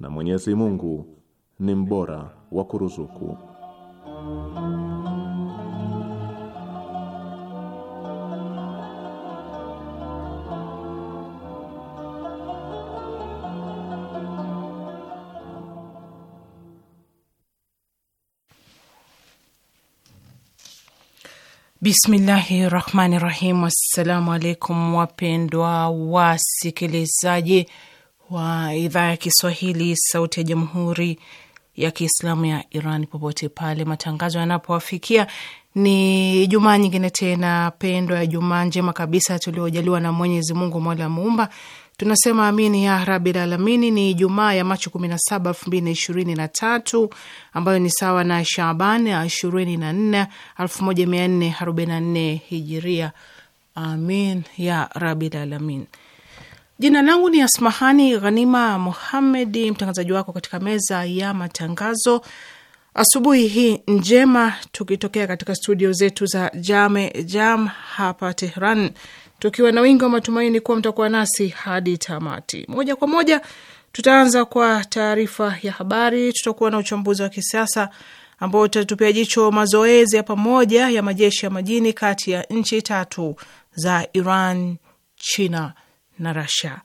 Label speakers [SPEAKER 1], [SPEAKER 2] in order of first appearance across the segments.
[SPEAKER 1] na Mwenyezi Mungu ni mbora wa kuruzuku.
[SPEAKER 2] Bismillahi rahmani rahim. Assalamu alaikum wapendwa wasikilizaji wa idhaa ya Kiswahili, sauti ya jamhuri ya kiislamu ya Iran, popote pale matangazo yanapowafikia. Ni jumaa nyingine tena pendwa ya jumaa njema kabisa tuliojaliwa na Mwenyezi Mungu, mola muumba tunasema amini ya rabil alamini. Ni Jumaa ya Machi 17 2023, ambayo ni sawa na Shaban 24 1444 hijiria. Amin ya rabil alamin. Jina langu ni Asmahani Ghanima Muhammedi, mtangazaji wako katika meza ya matangazo asubuhi hii njema, tukitokea katika studio zetu za Jame Jam hapa Tehran, tukiwa na wingi wa matumaini kuwa mtakuwa nasi hadi tamati. Moja kwa moja tutaanza kwa taarifa ya habari. Tutakuwa na uchambuzi wa kisiasa ambao utatupia jicho mazoezi ya pamoja ya majeshi ya majini kati ya nchi tatu za Iran, China na Rasia.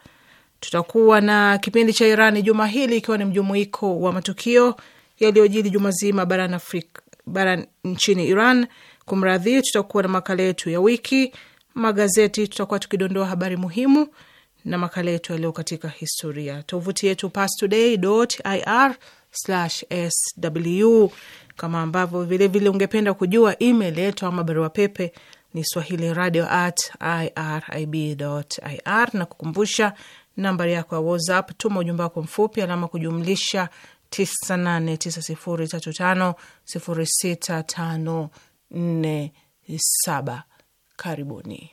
[SPEAKER 2] Tutakuwa na kipindi cha Irani juma hili, ikiwa ni mjumuiko wa matukio yaliyojili juma zima barani Afrika, barani nchini Iran. Kumradhi, tutakuwa na makala yetu ya wiki, magazeti, tutakuwa tukidondoa habari muhimu na makala yetu yaliyo katika historia. Tovuti yetu pastoday.ir/sw, kama ambavyo vilevile ungependa kujua email yetu ama barua pepe ni swahili radio at irib ir, na kukumbusha nambari yako ya WhatsApp. Tuma ujumbe wako mfupi alama kujumlisha 989035065487. Karibuni.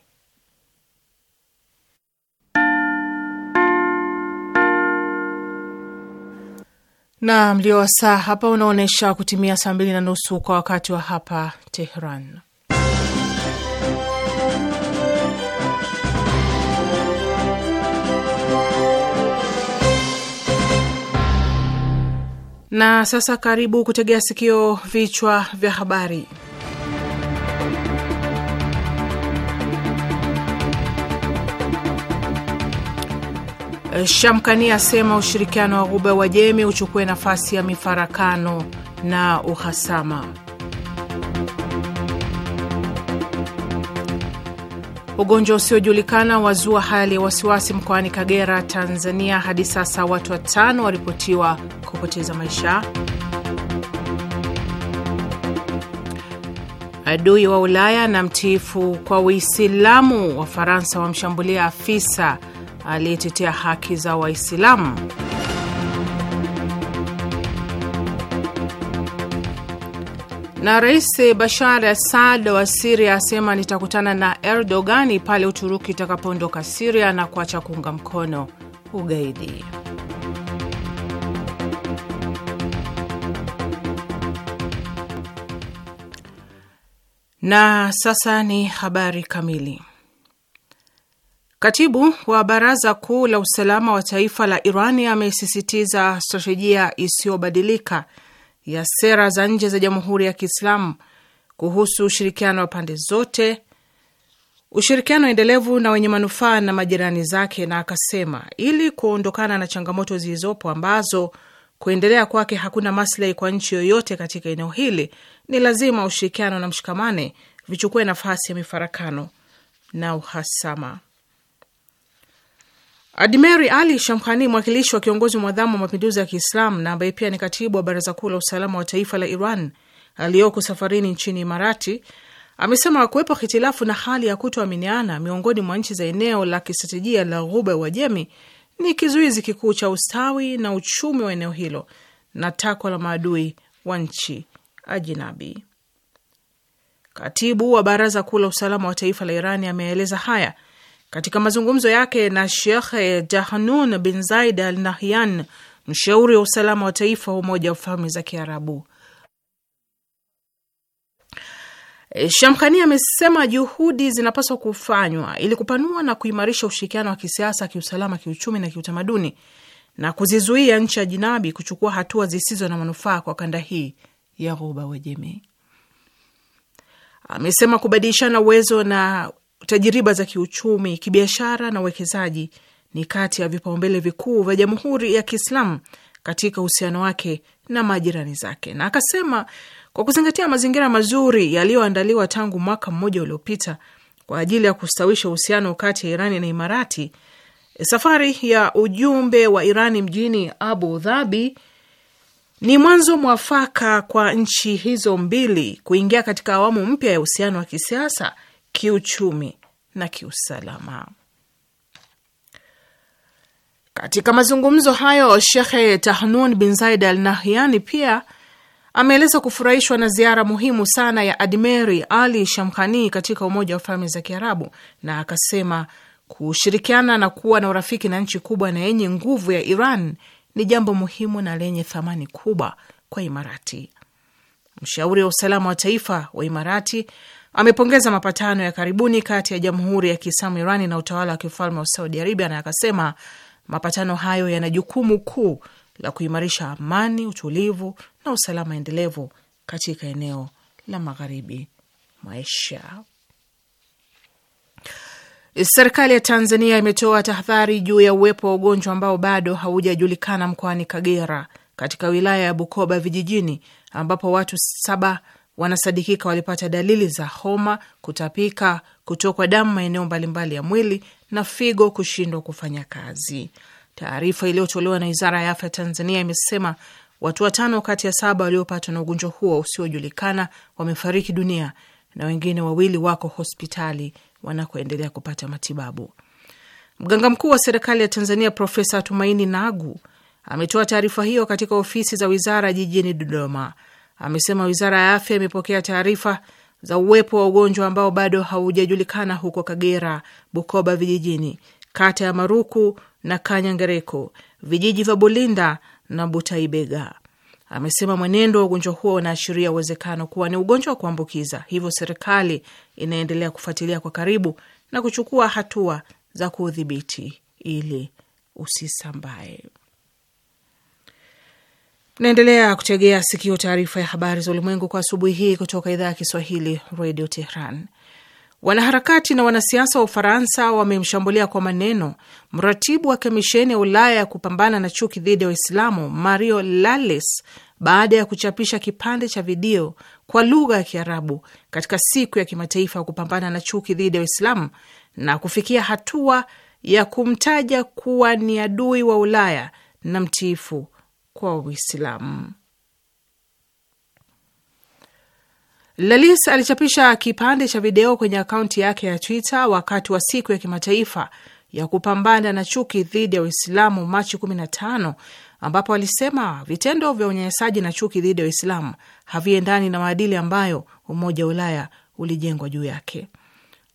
[SPEAKER 2] Na mlio wa saa hapa unaonyesha kutimia saa mbili na nusu kwa wakati wa hapa Tehran. Na sasa karibu kutegea sikio vichwa vya habari. Shamkani asema ushirikiano wa Ghuba wa jemi uchukue nafasi ya mifarakano na uhasama. Ugonjwa usiojulikana wazua hali ya wasiwasi mkoani Kagera, Tanzania. Hadi sasa watu watano waripotiwa kupoteza maisha. Adui wa Ulaya na mtiifu kwa Uislamu wa Faransa wamshambulia afisa aliyetetea haki za Waislamu. Na Rais Bashar Assad wa Siria asema nitakutana na Erdogani pale Uturuki itakapoondoka Siria na kuacha kuunga mkono ugaidi. Na sasa ni habari kamili. Katibu wa Baraza Kuu la Usalama wa Taifa la Irani amesisitiza stratejia isiyobadilika ya sera za nje za Jamhuri ya Kiislamu kuhusu ushirikiano wa pande zote, ushirikiano endelevu na wenye manufaa na majirani zake, na akasema ili kuondokana na changamoto zilizopo ambazo kuendelea kwake hakuna maslahi kwa nchi yoyote katika eneo hili, ni lazima ushirikiano na mshikamane vichukue nafasi ya mifarakano na uhasama. Admeri Ali Shamkhani, mwakilishi wa kiongozi mwadhamu wa mapinduzi ya Kiislamu na ambaye pia ni katibu wa baraza kuu la usalama wa taifa la Iran aliyoko safarini nchini Imarati, amesema kuwepo hitilafu na hali ya kutoaminiana miongoni mwa nchi za eneo la kistratejia la Ghuba Uajemi ni kizuizi kikuu cha ustawi na uchumi wa eneo hilo na takwa la maadui wa nchi ajinabi. Katibu wa baraza kuu la usalama wa taifa la Irani ameeleza haya katika mazungumzo yake na Shekhe jahnun bin Zaid al Nahyan, mshauri wa usalama wa taifa wa Umoja wa Falme za Kiarabu, eh, Shamkhani amesema juhudi zinapaswa kufanywa ili kupanua na kuimarisha ushirikiano wa kisiasa, kiusalama, kiuchumi na kiutamaduni na kuzizuia nchi ya jinabi kuchukua hatua zisizo na manufaa kwa kanda hii ya Ghuba Wajemi. Amesema kubadilishana uwezo na tajiriba za kiuchumi, kibiashara na uwekezaji ni kati ya vipaumbele vikuu vya Jamhuri ya Kiislamu katika uhusiano wake na majirani zake, na akasema kwa kuzingatia mazingira mazuri yaliyoandaliwa tangu mwaka mmoja uliopita kwa ajili ya kustawisha uhusiano kati ya Irani na Imarati, safari ya ujumbe wa Irani mjini Abu Dhabi ni mwanzo mwafaka kwa nchi hizo mbili kuingia katika awamu mpya ya uhusiano wa kisiasa kiuchumi na kiusalama. Katika mazungumzo hayo, Shekhe Tahnun bin Zaid Al Nahyani pia ameeleza kufurahishwa na ziara muhimu sana ya Admeri Ali Shamkhani katika Umoja wa Falme za Kiarabu, na akasema kushirikiana na kuwa na urafiki na nchi kubwa na yenye nguvu ya Iran ni jambo muhimu na lenye thamani kubwa kwa Imarati. Mshauri wa usalama wa taifa wa Imarati amepongeza mapatano ya karibuni kati ya Jamhuri ya Kiislamu Irani na utawala wa kifalme wa Saudi Arabia na akasema mapatano hayo yana jukumu kuu la kuimarisha amani, utulivu na usalama endelevu katika eneo la magharibi mwa Asia. Serikali ya Tanzania imetoa tahadhari juu ya uwepo wa ugonjwa ambao bado haujajulikana mkoani Kagera katika wilaya ya Bukoba vijijini ambapo watu saba wanasadikika walipata dalili za homa, kutapika, kutokwa damu maeneo mbalimbali ya mwili na figo kushindwa kufanya kazi. Taarifa iliyotolewa na wizara ya afya Tanzania imesema watu watano kati ya saba waliopatwa na ugonjwa huo usiojulikana wamefariki dunia na wengine wawili wako hospitali wanakoendelea kupata matibabu. Mganga mkuu wa serikali ya Tanzania Profesa Tumaini Nagu ametoa taarifa hiyo katika ofisi za wizara jijini Dodoma amesema wizara ya afya imepokea taarifa za uwepo wa ugonjwa ambao bado haujajulikana huko Kagera, Bukoba vijijini, kata ya Maruku na Kanyangereko, vijiji vya bulinda na Butaibega. Amesema mwenendo wa ugonjwa huo unaashiria uwezekano kuwa ni ugonjwa wa kuambukiza, hivyo serikali inaendelea kufuatilia kwa karibu na kuchukua hatua za kuudhibiti ili usisambae. Naendelea kutegea sikio taarifa ya habari za ulimwengu kwa asubuhi hii kutoka idhaa ya Kiswahili Radio Tehran. Wanaharakati na wanasiasa wa Ufaransa wamemshambulia kwa maneno mratibu wa kamisheni ya Ulaya ya kupambana na chuki dhidi ya Waislamu Mario Lales baada ya kuchapisha kipande cha video kwa lugha ya Kiarabu katika siku ya kimataifa ya kupambana na chuki dhidi ya Waislamu na kufikia hatua ya kumtaja kuwa ni adui wa Ulaya na mtiifu kwa Uislamu. Lalis alichapisha kipande cha video kwenye akaunti yake ya Twitter wakati wa siku ya kimataifa ya kupambana na chuki dhidi ya Uislamu Machi 15 ambapo alisema vitendo vya unyanyasaji na chuki dhidi ya Uislamu haviendani na maadili ambayo Umoja wa Ulaya ulijengwa juu yake.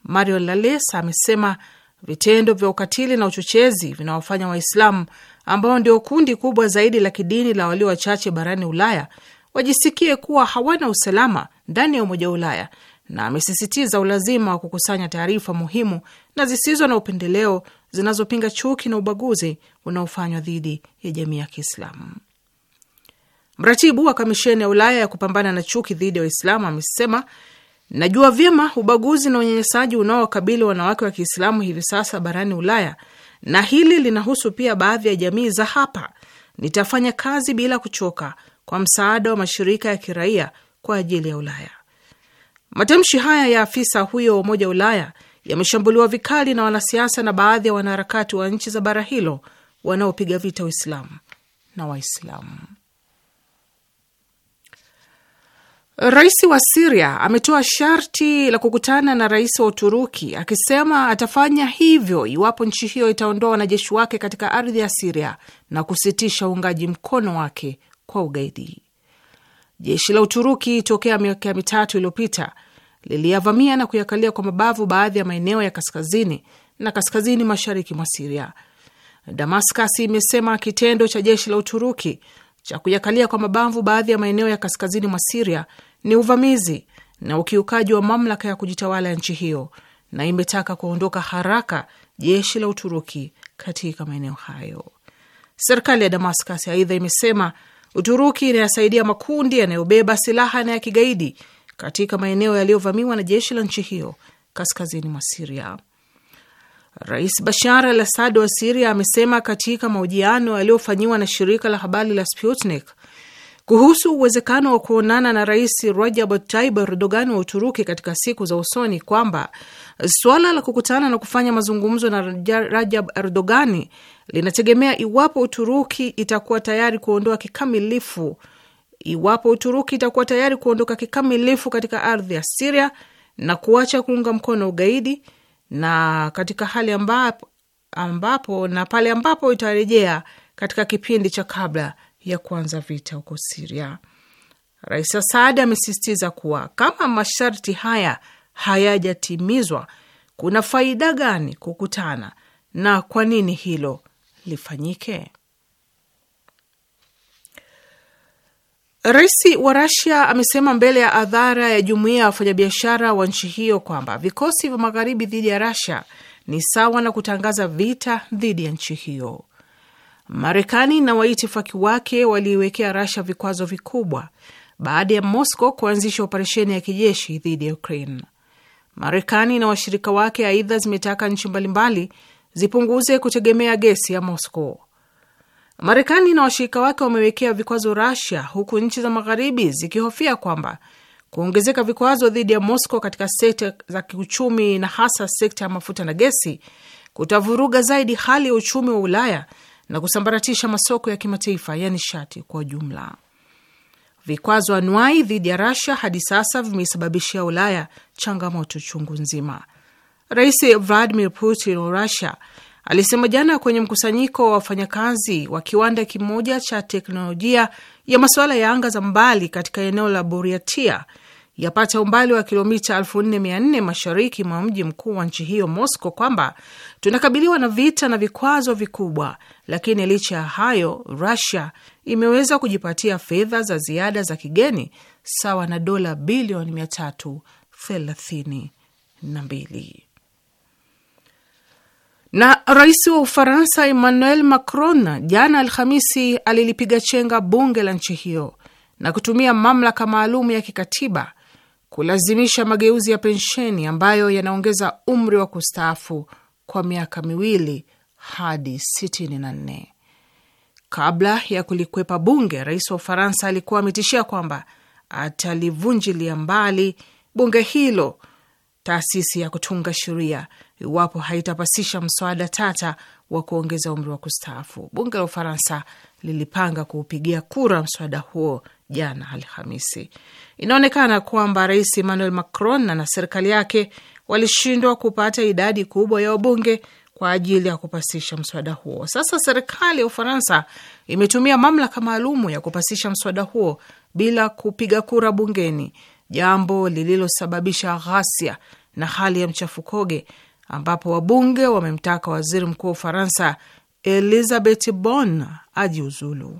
[SPEAKER 2] Mario Lalis amesema Vitendo vya ukatili na uchochezi vinawafanya Waislamu ambao ndio kundi kubwa zaidi la kidini la walio wachache barani Ulaya wajisikie kuwa hawana usalama ndani ya Umoja wa Ulaya, na amesisitiza ulazima wa kukusanya taarifa muhimu na zisizo na upendeleo zinazopinga chuki na ubaguzi unaofanywa dhidi ya jamii ya Kiislamu. Mratibu wa Kamisheni ya Ulaya ya kupambana na chuki dhidi ya Waislamu amesema Najua vyema ubaguzi na unyanyasaji unaowakabili wanawake wa Kiislamu hivi sasa barani Ulaya, na hili linahusu pia baadhi ya jamii za hapa. Nitafanya kazi bila kuchoka kwa msaada wa mashirika ya kiraia kwa ajili ya Ulaya. Matamshi haya ya afisa huyo wa Umoja wa Ulaya yameshambuliwa vikali na wanasiasa na baadhi ya wanaharakati wa nchi za bara hilo wanaopiga vita Uislamu na Waislamu. Rais wa Siria ametoa sharti la kukutana na rais wa Uturuki akisema atafanya hivyo iwapo nchi hiyo itaondoa wanajeshi wake katika ardhi ya Siria na kusitisha uungaji mkono wake kwa ugaidi. Jeshi la Uturuki tokea miaka mitatu iliyopita liliyavamia na kuyakalia kwa mabavu baadhi ya maeneo ya kaskazini na kaskazini mashariki mwa Siria. Damascus imesema kitendo cha jeshi la Uturuki cha kuyakalia kwa mabavu baadhi ya maeneo ya kaskazini mwa Siria ni uvamizi na ukiukaji wa mamlaka ya kujitawala ya nchi hiyo na imetaka kuondoka haraka jeshi la Uturuki katika maeneo hayo. Serikali ya Damascus aidha imesema Uturuki inayasaidia makundi yanayobeba silaha na ya kigaidi katika maeneo yaliyovamiwa na jeshi la nchi hiyo kaskazini mwa Siria. Rais Bashar al Assad wa Siria amesema katika mahojiano yaliyofanyiwa na shirika la habari la Sputnik kuhusu uwezekano wa kuonana na Rais Rajab Tayyip Erdogan wa Uturuki katika siku za usoni kwamba suala la kukutana na kufanya mazungumzo na Rajab Erdogani linategemea iwapo Uturuki itakuwa tayari kuondoa kikamilifu iwapo Uturuki itakuwa tayari kuondoka kikamilifu katika ardhi ya Siria na kuacha kuunga mkono ugaidi na katika hali ambapo, ambapo na pale ambapo itarejea katika kipindi cha kabla ya kuanza vita huko Siria. Rais Asadi amesisitiza kuwa kama masharti haya hayajatimizwa, kuna faida gani kukutana na kwa nini hilo lifanyike? Rais wa Rasia amesema mbele ya adhara ya jumuiya ya wafanyabiashara wa nchi hiyo kwamba vikosi vya magharibi dhidi ya Rasia ni sawa na kutangaza vita dhidi ya nchi hiyo. Marekani na waitifaki wake waliiwekea Rasha vikwazo vikubwa baada ya Moscow kuanzisha operesheni ya kijeshi dhidi ya Ukraine. Marekani na washirika wake aidha zimetaka nchi mbalimbali zipunguze kutegemea gesi ya Moscow. Marekani na washirika wake wamewekea vikwazo rasia huku nchi za magharibi zikihofia kwamba kuongezeka vikwazo dhidi ya Moscow katika sekta za kiuchumi na hasa sekta ya mafuta na gesi kutavuruga zaidi hali ya uchumi wa Ulaya na kusambaratisha masoko ya kimataifa ya nishati kwa ujumla. Vikwazo anuai dhidi ya rasia hadi sasa vimeisababishia Ulaya changamoto chungu nzima. Rais Vladimir Putin wa Russia alisema jana kwenye mkusanyiko wa wafanyakazi wa kiwanda kimoja cha teknolojia ya masuala ya anga za mbali katika eneo la Buriatia yapata umbali wa kilomita 4400 mashariki mwa mji mkuu wa nchi hiyo Moscow, kwamba tunakabiliwa na vita na vikwazo vikubwa, lakini licha ya hayo Russia imeweza kujipatia fedha za ziada za kigeni sawa na dola bilioni 332 na rais wa Ufaransa Emmanuel Macron jana Alhamisi alilipiga chenga bunge la nchi hiyo na kutumia mamlaka maalum ya kikatiba kulazimisha mageuzi ya pensheni ambayo yanaongeza umri wa kustaafu kwa miaka miwili hadi 64. Kabla ya kulikwepa bunge, rais wa Ufaransa alikuwa ametishia kwamba atalivunjilia mbali bunge hilo, taasisi ya kutunga sheria, iwapo haitapasisha mswada tata wa kuongeza umri wa kustaafu. Bunge la Ufaransa lilipanga kuupigia kura mswada huo jana Alhamisi. Inaonekana kwamba Rais Emmanuel Macron na serikali yake walishindwa kupata idadi kubwa ya wabunge kwa ajili ya kupasisha mswada huo. Sasa serikali ya Ufaransa imetumia mamlaka maalumu ya kupasisha mswada huo bila kupiga kura bungeni, jambo lililosababisha ghasia na hali ya mchafukoge, ambapo wabunge wamemtaka waziri mkuu wa Ufaransa Elizabeth Bon ajiuzulu.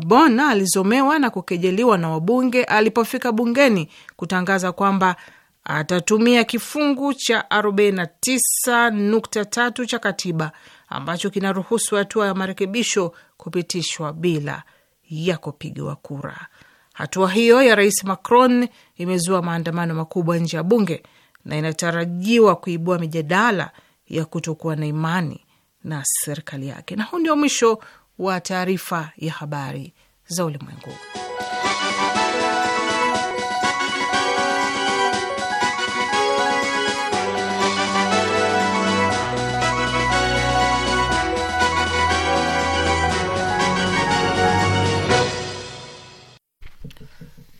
[SPEAKER 2] Bona alizomewa na kukejeliwa na wabunge alipofika bungeni kutangaza kwamba atatumia kifungu cha 49.3 cha katiba ambacho kinaruhusu hatua ya marekebisho kupitishwa bila ya kupigiwa kura. Hatua hiyo ya Rais Macron imezua maandamano makubwa nje ya bunge na inatarajiwa kuibua mijadala ya kutokuwa na imani na serikali yake. Na huu ndio mwisho wa taarifa ya habari za ulimwengu.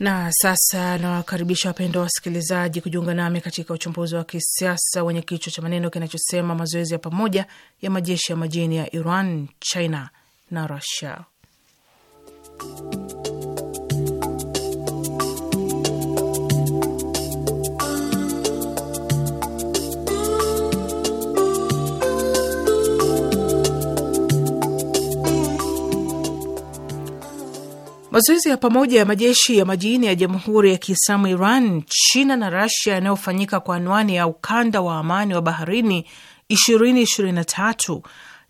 [SPEAKER 2] Na sasa nawakaribisha wapendwa wasikilizaji kujiunga nami katika uchambuzi wa kisiasa wenye kichwa cha maneno kinachosema mazoezi ya pamoja ya majeshi ya majini ya Iran, China na Rusia. Mazoezi ya pamoja ya majeshi ya majini ya Jamhuri ya Kiislamu Iran, China na Rasia yanayofanyika kwa anwani ya ukanda wa amani wa baharini 2023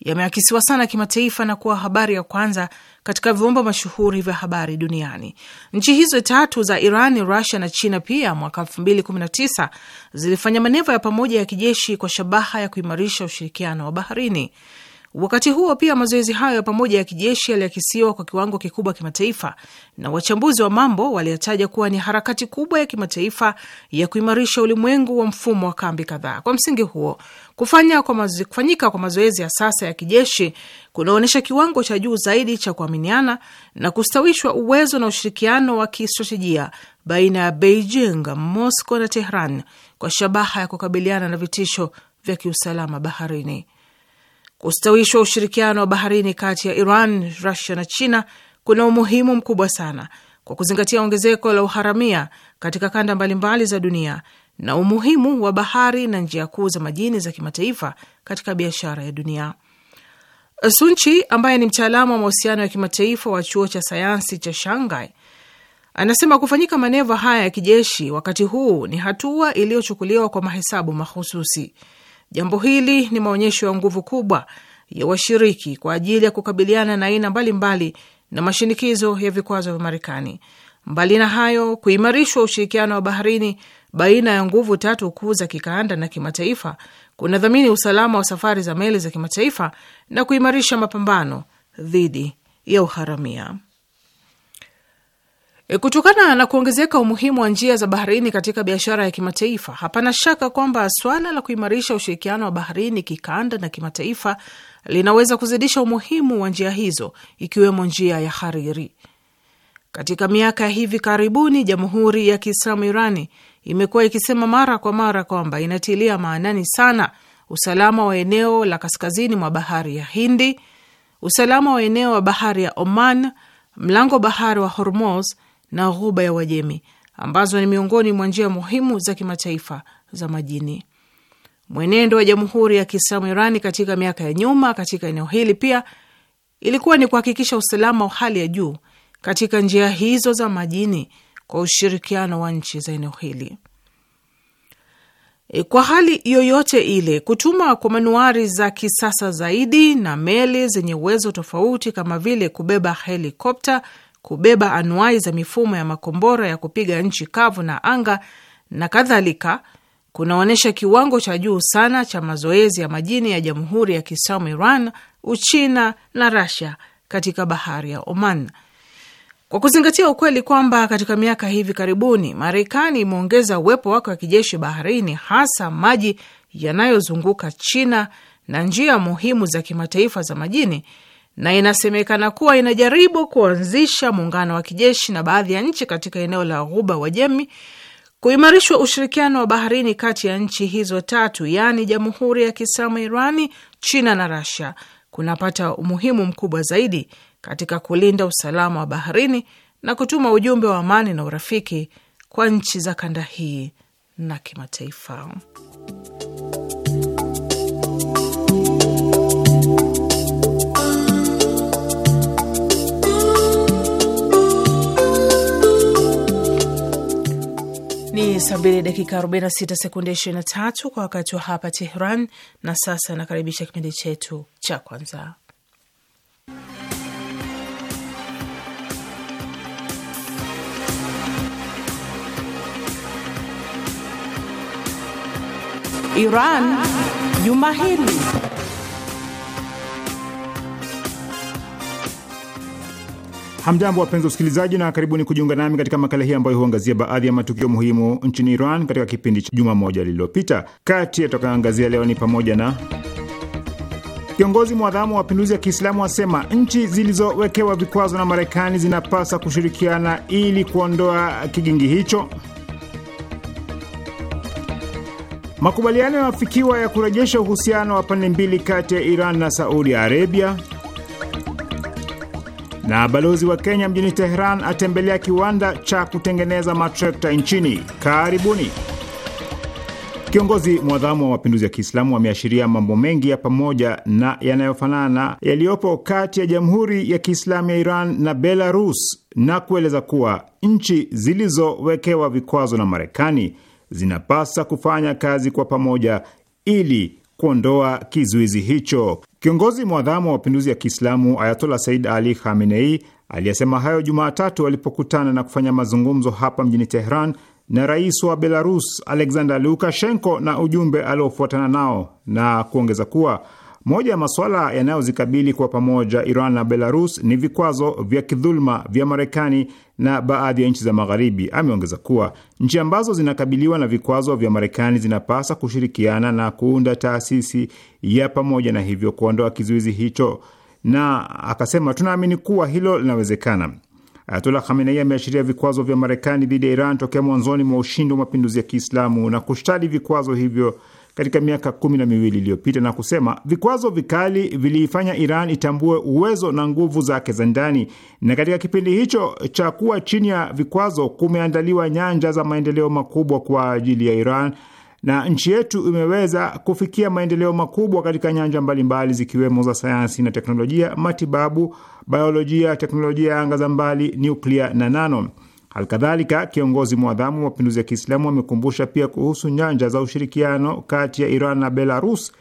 [SPEAKER 2] yameakisiwa sana kimataifa na kuwa habari ya kwanza katika vyombo mashuhuri vya habari duniani. Nchi hizo tatu za Iran, Rusia na China pia mwaka 2019 zilifanya maneva ya pamoja ya kijeshi kwa shabaha ya kuimarisha ushirikiano wa baharini. Wakati huo pia mazoezi hayo ya pamoja ya kijeshi yaliakisiwa kwa kiwango kikubwa kimataifa, na wachambuzi wa mambo waliyataja kuwa ni harakati kubwa ya kimataifa ya kuimarisha ulimwengu wa mfumo wa kambi kadhaa. Kwa msingi huo, kufanya kwa mazoezi, kufanyika kwa mazoezi ya sasa ya kijeshi kunaonyesha kiwango cha juu zaidi cha kuaminiana na kustawishwa uwezo na ushirikiano wa kistratejia baina ya Beijing, Moscow na Tehran kwa shabaha ya kukabiliana na vitisho vya kiusalama baharini. Kustawishwa ushirikiano wa baharini kati ya Iran, Rusia na China kuna umuhimu mkubwa sana kwa kuzingatia ongezeko la uharamia katika kanda mbalimbali za dunia na umuhimu wa bahari na njia kuu za majini za kimataifa katika biashara ya dunia. Sunchi ambaye ni mtaalamu wa mahusiano ya kimataifa wa chuo cha sayansi cha Shanghai anasema kufanyika maneva haya ya kijeshi wakati huu ni hatua iliyochukuliwa kwa mahesabu mahususi. Jambo hili ni maonyesho ya nguvu kubwa ya washiriki kwa ajili ya kukabiliana na aina mbalimbali na mashinikizo ya vikwazo vya Marekani. Mbali na hayo, kuimarishwa ushirikiano wa baharini baina ya nguvu tatu kuu za kikanda na kimataifa kunadhamini usalama wa safari za meli za kimataifa na kuimarisha mapambano dhidi ya uharamia. E, kutokana na kuongezeka umuhimu wa njia za baharini katika biashara ya kimataifa, hapana shaka kwamba swala la kuimarisha ushirikiano wa baharini kikanda na kimataifa linaweza kuzidisha umuhimu wa njia hizo ikiwemo njia ya hariri. Katika miaka ya hivi karibuni, Jamhuri ya Kiislamu Irani imekuwa ikisema mara kwa mara kwamba inatilia maanani sana usalama wa eneo la kaskazini mwa bahari ya Hindi, usalama wa eneo wa bahari ya Oman, mlango bahari wa Hormuz na ghuba ya Uajemi ambazo ni miongoni mwa njia muhimu za kimataifa za majini. Mwenendo wa Jamhuri ya Kiislamu Irani katika miaka ya nyuma katika eneo hili pia ilikuwa ni kuhakikisha usalama wa hali ya juu katika njia hizo za majini kwa ushirikiano wa nchi za eneo hili. E, kwa hali yoyote ile, kutuma kwa manuari za kisasa zaidi na meli zenye uwezo tofauti kama vile kubeba helikopta kubeba anuai za mifumo ya makombora ya kupiga nchi kavu na anga na kadhalika kunaonyesha kiwango cha juu sana cha mazoezi ya majini ya Jamhuri ya Kiislamu Iran, Uchina na Rasia katika bahari ya Oman, kwa kuzingatia ukweli kwamba katika miaka hivi karibuni Marekani imeongeza uwepo wake wa kijeshi baharini, hasa maji yanayozunguka China na njia muhimu za kimataifa za majini na inasemekana kuwa inajaribu kuanzisha muungano wa kijeshi na baadhi ya nchi katika eneo la Ghuba Wajemi. Kuimarishwa ushirikiano wa baharini kati ya nchi hizo tatu, yaani Jamhuri ya Kiislamu Irani, China na Rasia, kunapata umuhimu mkubwa zaidi katika kulinda usalama wa baharini na kutuma ujumbe wa amani na urafiki kwa nchi za kanda hii na kimataifa. Ni saa mbili dakika 46 sekunde 23 kwa wakati wa hapa Tehran. Na sasa nakaribisha kipindi chetu cha kwanza, Iran Juma Hili.
[SPEAKER 3] Hamjambo, wapenzi usikilizaji na karibuni kujiunga nami katika makala hii ambayo huangazia baadhi ya matukio muhimu nchini Iran katika kipindi cha juma moja lililopita. Kati yatakayoangazia leo ni pamoja na Kiongozi mwadhamu wa mapinduzi ya Kiislamu asema nchi zilizowekewa vikwazo na Marekani zinapasa kushirikiana ili kuondoa kigingi hicho. Makubaliano yaafikiwa ya kurejesha uhusiano wa pande mbili kati ya Iran na Saudi Arabia na balozi wa Kenya mjini Teheran atembelea kiwanda cha kutengeneza matrekta nchini. Karibuni. Kiongozi mwadhamu wa mapinduzi ya Kiislamu ameashiria mambo mengi ya pamoja na yanayofanana yaliyopo kati ya Jamhuri ya Kiislamu ya Iran na Belarus na kueleza kuwa nchi zilizowekewa vikwazo na Marekani zinapasa kufanya kazi kwa pamoja ili kuondoa kizuizi hicho. Kiongozi mwadhamu wa mapinduzi ya Kiislamu Ayatola Said Ali Khamenei aliyesema hayo Jumatatu alipokutana na kufanya mazungumzo hapa mjini Tehran na rais wa Belarus Alexander Lukashenko na ujumbe aliofuatana nao, na kuongeza kuwa moja ya masuala yanayozikabili kwa pamoja Iran na Belarus ni vikwazo vya kidhuluma vya Marekani na baadhi ya nchi za Magharibi. Ameongeza kuwa nchi ambazo zinakabiliwa na vikwazo vya Marekani zinapaswa kushirikiana na kuunda taasisi ya pamoja na hivyo kuondoa kizuizi hicho, na akasema, tunaamini kuwa hilo linawezekana. Ayatullah Khamenei ameashiria vikwazo vya Marekani dhidi ya Iran tokea mwanzoni mwa ushindi wa mapinduzi ya Kiislamu na kushtadi vikwazo hivyo katika miaka kumi na miwili iliyopita na kusema vikwazo vikali viliifanya Iran itambue uwezo na nguvu zake za ndani, na katika kipindi hicho cha kuwa chini ya vikwazo kumeandaliwa nyanja za maendeleo makubwa kwa ajili ya Iran na nchi yetu imeweza kufikia maendeleo makubwa katika nyanja mbalimbali zikiwemo za sayansi na teknolojia, matibabu, biolojia, teknolojia ya anga za mbali, nuklia na nano. Alkadhalika, kiongozi mwadhamu wa mapinduzi ya Kiislamu amekumbusha pia kuhusu nyanja za ushirikiano kati ya Iran na Belarus,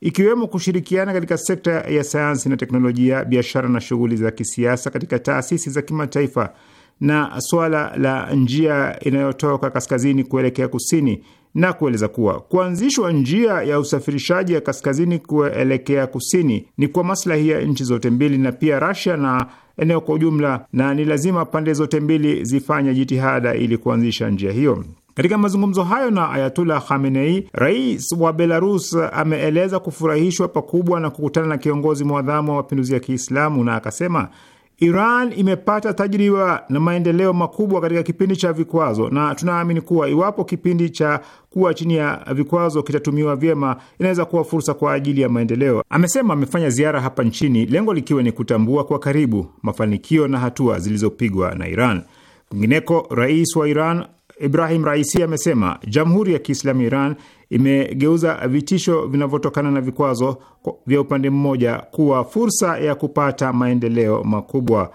[SPEAKER 3] ikiwemo kushirikiana katika sekta ya sayansi na teknolojia, biashara na shughuli za kisiasa katika taasisi za kimataifa na suala la njia inayotoka kaskazini kuelekea kusini na kueleza kuwa kuanzishwa njia ya usafirishaji ya kaskazini kuelekea kusini ni kwa maslahi ya nchi zote mbili, na pia Russia na eneo kwa ujumla, na ni lazima pande zote mbili zifanye jitihada ili kuanzisha njia hiyo. Katika mazungumzo hayo na Ayatullah Khamenei, rais wa Belarus ameeleza kufurahishwa pakubwa na kukutana na kiongozi mwadhamu wa mapinduzi ya Kiislamu na akasema Iran imepata tajiriwa na maendeleo makubwa katika kipindi cha vikwazo, na tunaamini kuwa iwapo kipindi cha kuwa chini ya vikwazo kitatumiwa vyema, inaweza kuwa fursa kwa ajili ya maendeleo, amesema. Amefanya ziara hapa nchini, lengo likiwa ni kutambua kwa karibu mafanikio na hatua zilizopigwa na Iran. Kwingineko, rais wa Iran Ibrahim Raisi amesema jamhuri ya Kiislamu Iran imegeuza vitisho vinavyotokana na vikwazo vya upande mmoja kuwa fursa ya kupata maendeleo makubwa.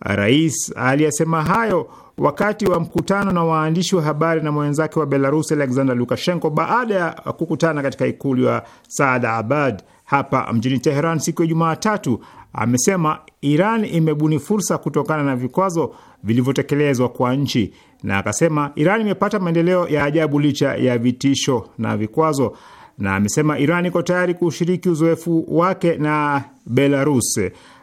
[SPEAKER 3] Rais aliyesema hayo wakati wa mkutano na waandishi wa habari na mwenzake wa Belarus Alexander Lukashenko baada ya kukutana katika ikulu ya Saada Abad hapa mjini Teheran siku ya Jumatatu. Amesema Iran imebuni fursa kutokana na vikwazo vilivyotekelezwa kwa nchi na akasema Iran imepata maendeleo ya ajabu licha ya vitisho na vikwazo, na amesema Iran iko tayari kushiriki uzoefu wake na Belarus.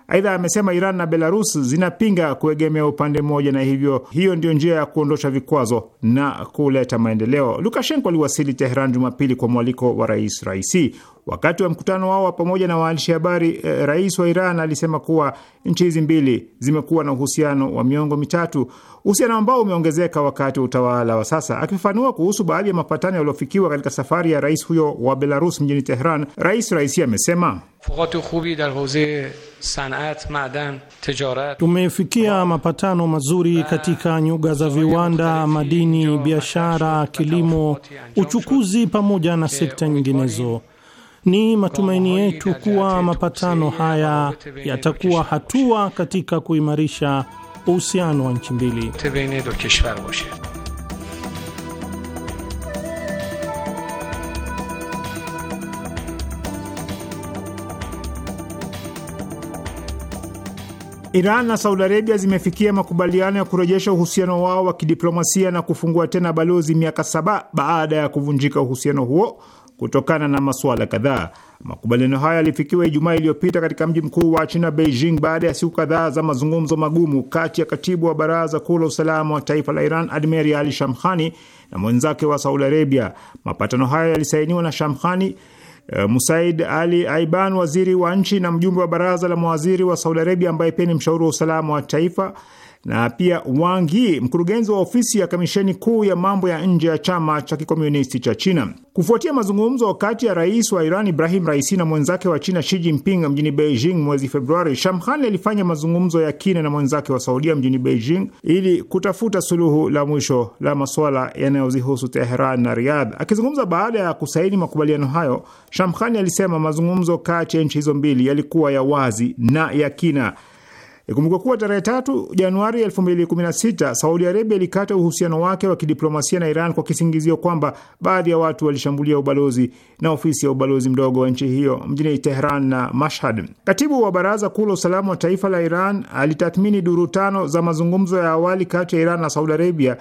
[SPEAKER 3] Aidha amesema Iran na Belarus zinapinga kuegemea upande mmoja, na hivyo hiyo ndio njia ya kuondosha vikwazo na kuleta maendeleo. Lukashenko aliwasili Teheran Jumapili kwa mwaliko wa rais Raisi, Wakati wa mkutano wao wa pamoja na waandishi habari, eh, rais wa Iran alisema kuwa nchi hizi mbili zimekuwa na uhusiano wa miongo mitatu, uhusiano ambao umeongezeka wakati wa utawala wa sasa. Akifafanua kuhusu baadhi ya mapatano yaliyofikiwa katika safari ya rais huyo wa Belarus
[SPEAKER 4] mjini Tehran, Rais Raisi amesema tumefikia mapatano mazuri katika nyuga za viwanda, madini, biashara, kilimo, uchukuzi pamoja na sekta nyinginezo. Ni matumaini yetu kuwa mapatano haya yatakuwa hatua katika kuimarisha uhusiano wa nchi mbili.
[SPEAKER 3] Iran na Saudi Arabia zimefikia makubaliano ya kurejesha uhusiano wao wa kidiplomasia na kufungua tena balozi miaka saba baada ya kuvunjika uhusiano huo kutokana na masuala kadhaa. Makubaliano hayo yalifikiwa Ijumaa iliyopita katika mji mkuu wa China, Beijing, baada ya siku kadhaa za mazungumzo magumu kati ya katibu wa baraza kuu la usalama wa taifa la Iran, Admeri Ali Shamkhani, na mwenzake wa Saudi Arabia. Mapatano hayo yalisainiwa na Shamkhani, eh, Musaid Ali Aiban, waziri wa nchi na mjumbe wa baraza la mawaziri wa Saudi Arabia, ambaye pia ni mshauri wa usalama wa taifa na pia Wang Yi, mkurugenzi wa ofisi ya kamisheni kuu ya mambo ya nje ya chama cha kikomunisti cha China. Kufuatia mazungumzo kati ya rais wa Iran Ibrahim Raisi na mwenzake wa China Xi Jinping mjini Beijing mwezi Februari, Shamkhani alifanya mazungumzo ya kina na mwenzake wa Saudia mjini Beijing ili kutafuta suluhu la mwisho la masuala yanayozihusu Teheran na Riyadh. Akizungumza baada ya kusaini makubaliano hayo, Shamkhani alisema mazungumzo kati ya nchi hizo mbili yalikuwa ya wazi na ya kina Ikumbukwa kuwa tarehe tatu Januari 2016 Saudi Arabia ilikata uhusiano wake wa kidiplomasia na Iran kwa kisingizio kwamba baadhi ya watu walishambulia ubalozi na ofisi ya ubalozi mdogo wa nchi hiyo mjini Tehran na Mashhad. Katibu wa Baraza Kuu la Usalama wa Taifa la Iran alitathmini duru tano za mazungumzo ya awali kati ya Iran na Saudi Arabia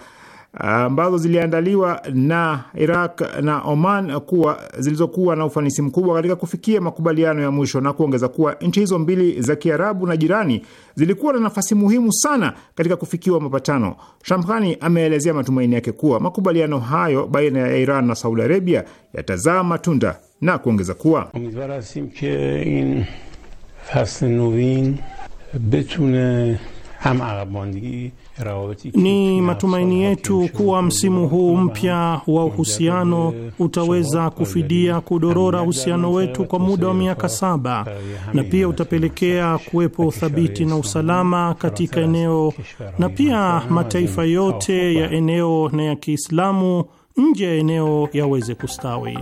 [SPEAKER 3] ambazo ziliandaliwa na Iraq na Oman kuwa zilizokuwa na ufanisi mkubwa katika kufikia makubaliano ya mwisho, na kuongeza kuwa nchi hizo mbili za Kiarabu na jirani zilikuwa na nafasi muhimu sana katika kufikiwa mapatano. Shamkhani ameelezea matumaini yake kuwa makubaliano hayo baina ya Iran na Saudi Arabia yatazaa matunda na
[SPEAKER 4] kuongeza kuwa ni matumaini yetu kuwa msimu huu mpya wa uhusiano utaweza kufidia kudorora uhusiano wetu kwa muda wa miaka saba na pia utapelekea kuwepo uthabiti na usalama katika eneo na pia mataifa yote ya eneo na ya Kiislamu nje ya eneo yaweze kustawi.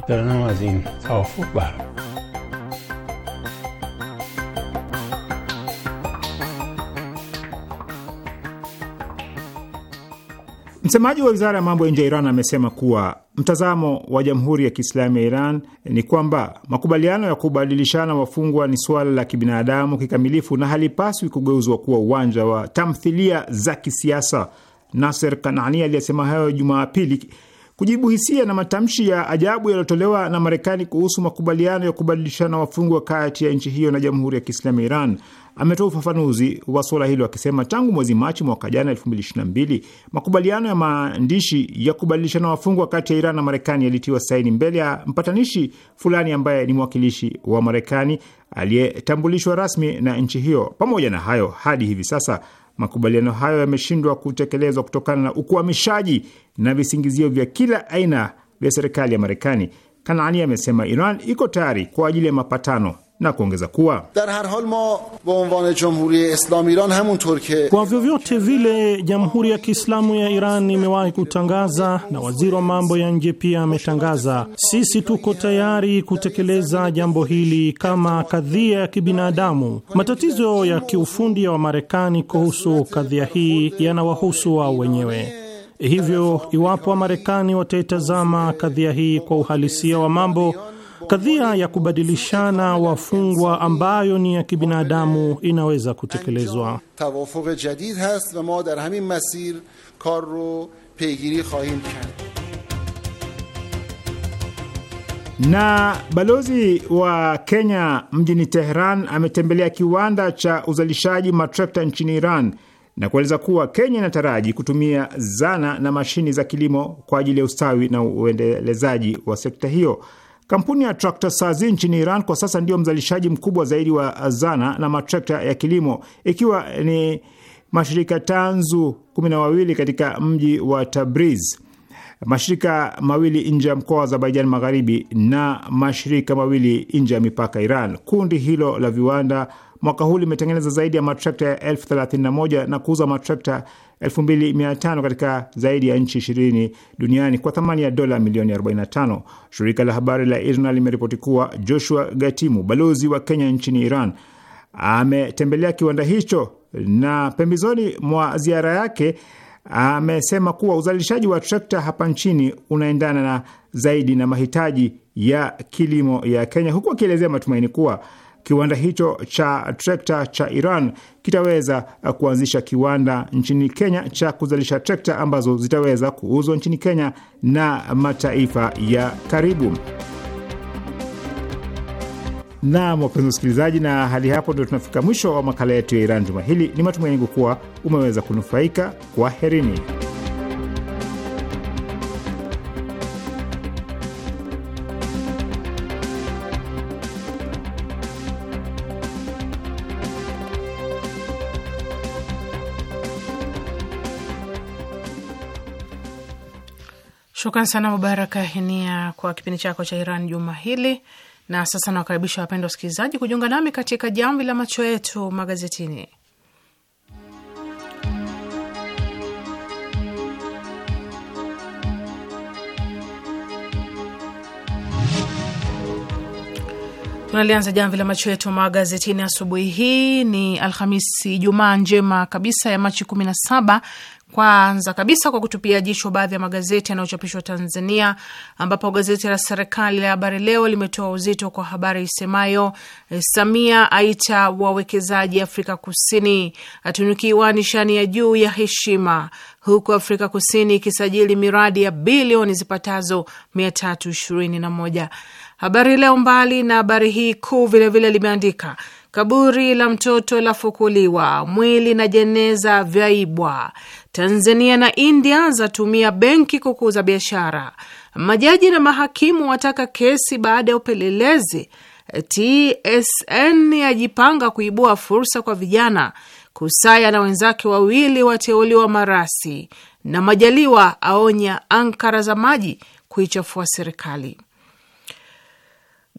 [SPEAKER 3] Msemaji wa wizara ya mambo ya nje ya Iran amesema kuwa mtazamo wa Jamhuri ya Kiislamu ya Iran ni kwamba makubaliano ya kubadilishana wafungwa ni suala la kibinadamu kikamilifu na halipaswi kugeuzwa kuwa uwanja wa tamthilia za kisiasa. naser Kanani aliyesema hayo Jumapili kujibu hisia na matamshi ya ajabu yaliyotolewa na Marekani kuhusu makubaliano ya kubadilishana wafungwa kati ya nchi hiyo na Jamhuri ya Kiislamu ya Iran ametoa ufafanuzi wa suala hilo akisema, tangu mwezi Machi mwaka jana 2022 makubaliano ya maandishi ya kubadilishana wafungwa kati ya Iran na Marekani yalitiwa saini mbele ya mpatanishi fulani ambaye ni mwakilishi wa Marekani aliyetambulishwa rasmi na nchi hiyo. Pamoja na hayo, hadi hivi sasa makubaliano hayo yameshindwa kutekelezwa kutokana na ukwamishaji na visingizio vya kila aina vya serikali ya Marekani. Kanaani amesema Iran iko tayari kwa ajili ya mapatano na kuongeza kuwa
[SPEAKER 5] kwa
[SPEAKER 4] vyovyote vile Jamhuri ya Kiislamu ya Iran imewahi kutangaza na waziri wa mambo ya nje pia ametangaza, sisi tuko tayari kutekeleza jambo hili kama kadhia ya kibinadamu. Matatizo ya kiufundi ya Wamarekani kuhusu kadhia hii yanawahusu wao wenyewe. Hivyo iwapo Wamarekani wataitazama kadhia hii kwa uhalisia wa mambo Kadhia ya kubadilishana wafungwa ambayo ni ya kibinadamu inaweza kutekelezwa.
[SPEAKER 3] Na balozi wa Kenya mjini teheran ametembelea kiwanda cha uzalishaji matrekta nchini Iran na kueleza kuwa Kenya inataraji kutumia zana na mashini za kilimo kwa ajili ya ustawi na uendelezaji wa sekta hiyo. Kampuni ya Trakta Sazi nchini Iran kwa sasa ndiyo mzalishaji mkubwa zaidi wa zana na matrekta ya kilimo, ikiwa ni mashirika tanzu kumi na wawili katika mji wa Tabriz, mashirika mawili nje ya mkoa wa Azerbaijan Magharibi na mashirika mawili nje ya mipaka Iran. Kundi hilo la viwanda mwaka huu limetengeneza zaidi ya matrekta ya elfu thelathini na moja na kuuza matrekta elfu mbili mia tano katika zaidi ya nchi ishirini duniani kwa thamani ya dola milioni 45. Shirika la habari la IRNA limeripoti kuwa Joshua Gatimu, balozi wa Kenya nchini Iran, ametembelea kiwanda hicho na pembezoni mwa ziara yake amesema kuwa uzalishaji wa trekta hapa nchini unaendana na zaidi na mahitaji ya kilimo ya Kenya, huku akielezea matumaini kuwa kiwanda hicho cha trekta cha Iran kitaweza kuanzisha kiwanda nchini Kenya cha kuzalisha trekta ambazo zitaweza kuuzwa nchini Kenya na mataifa ya karibu. Nam, wapenzi wasikilizaji, na hadi hapo ndio tunafika mwisho wa makala yetu ya Iran juma hili. Ni matumaini yangu kuwa umeweza kunufaika. kwa herini
[SPEAKER 2] Shukran sana Mubaraka Henia kwa kipindi chako cha Iran juma hili. Na sasa nawakaribisha wapendwa wasikilizaji kujiunga nami katika jamvi la macho yetu magazetini. Tunalianza jamvi la macho yetu magazetini asubuhi hii. Ni Alhamisi, jumaa njema kabisa ya Machi saba kwanza kabisa kwa kutupia jicho baadhi ya magazeti yanayochapishwa Tanzania, ambapo gazeti la serikali la Habari Leo limetoa uzito kwa habari isemayo eh, Samia aita wawekezaji Afrika Kusini, atunukiwa nishani ya juu ya heshima, huku Afrika Kusini ikisajili miradi ya bilioni zipatazo 321. Habari Leo mbali na habari hii kuu vilevile limeandika kaburi la mtoto lafukuliwa, mwili na jeneza vyaibwa. Tanzania na India zatumia benki kukuza biashara. Majaji na mahakimu wataka kesi baada ya upelelezi. TSN yajipanga kuibua fursa kwa vijana. Kusaya na wenzake wawili wateuliwa marasi, na Majaliwa aonya ankara za maji kuichafua serikali.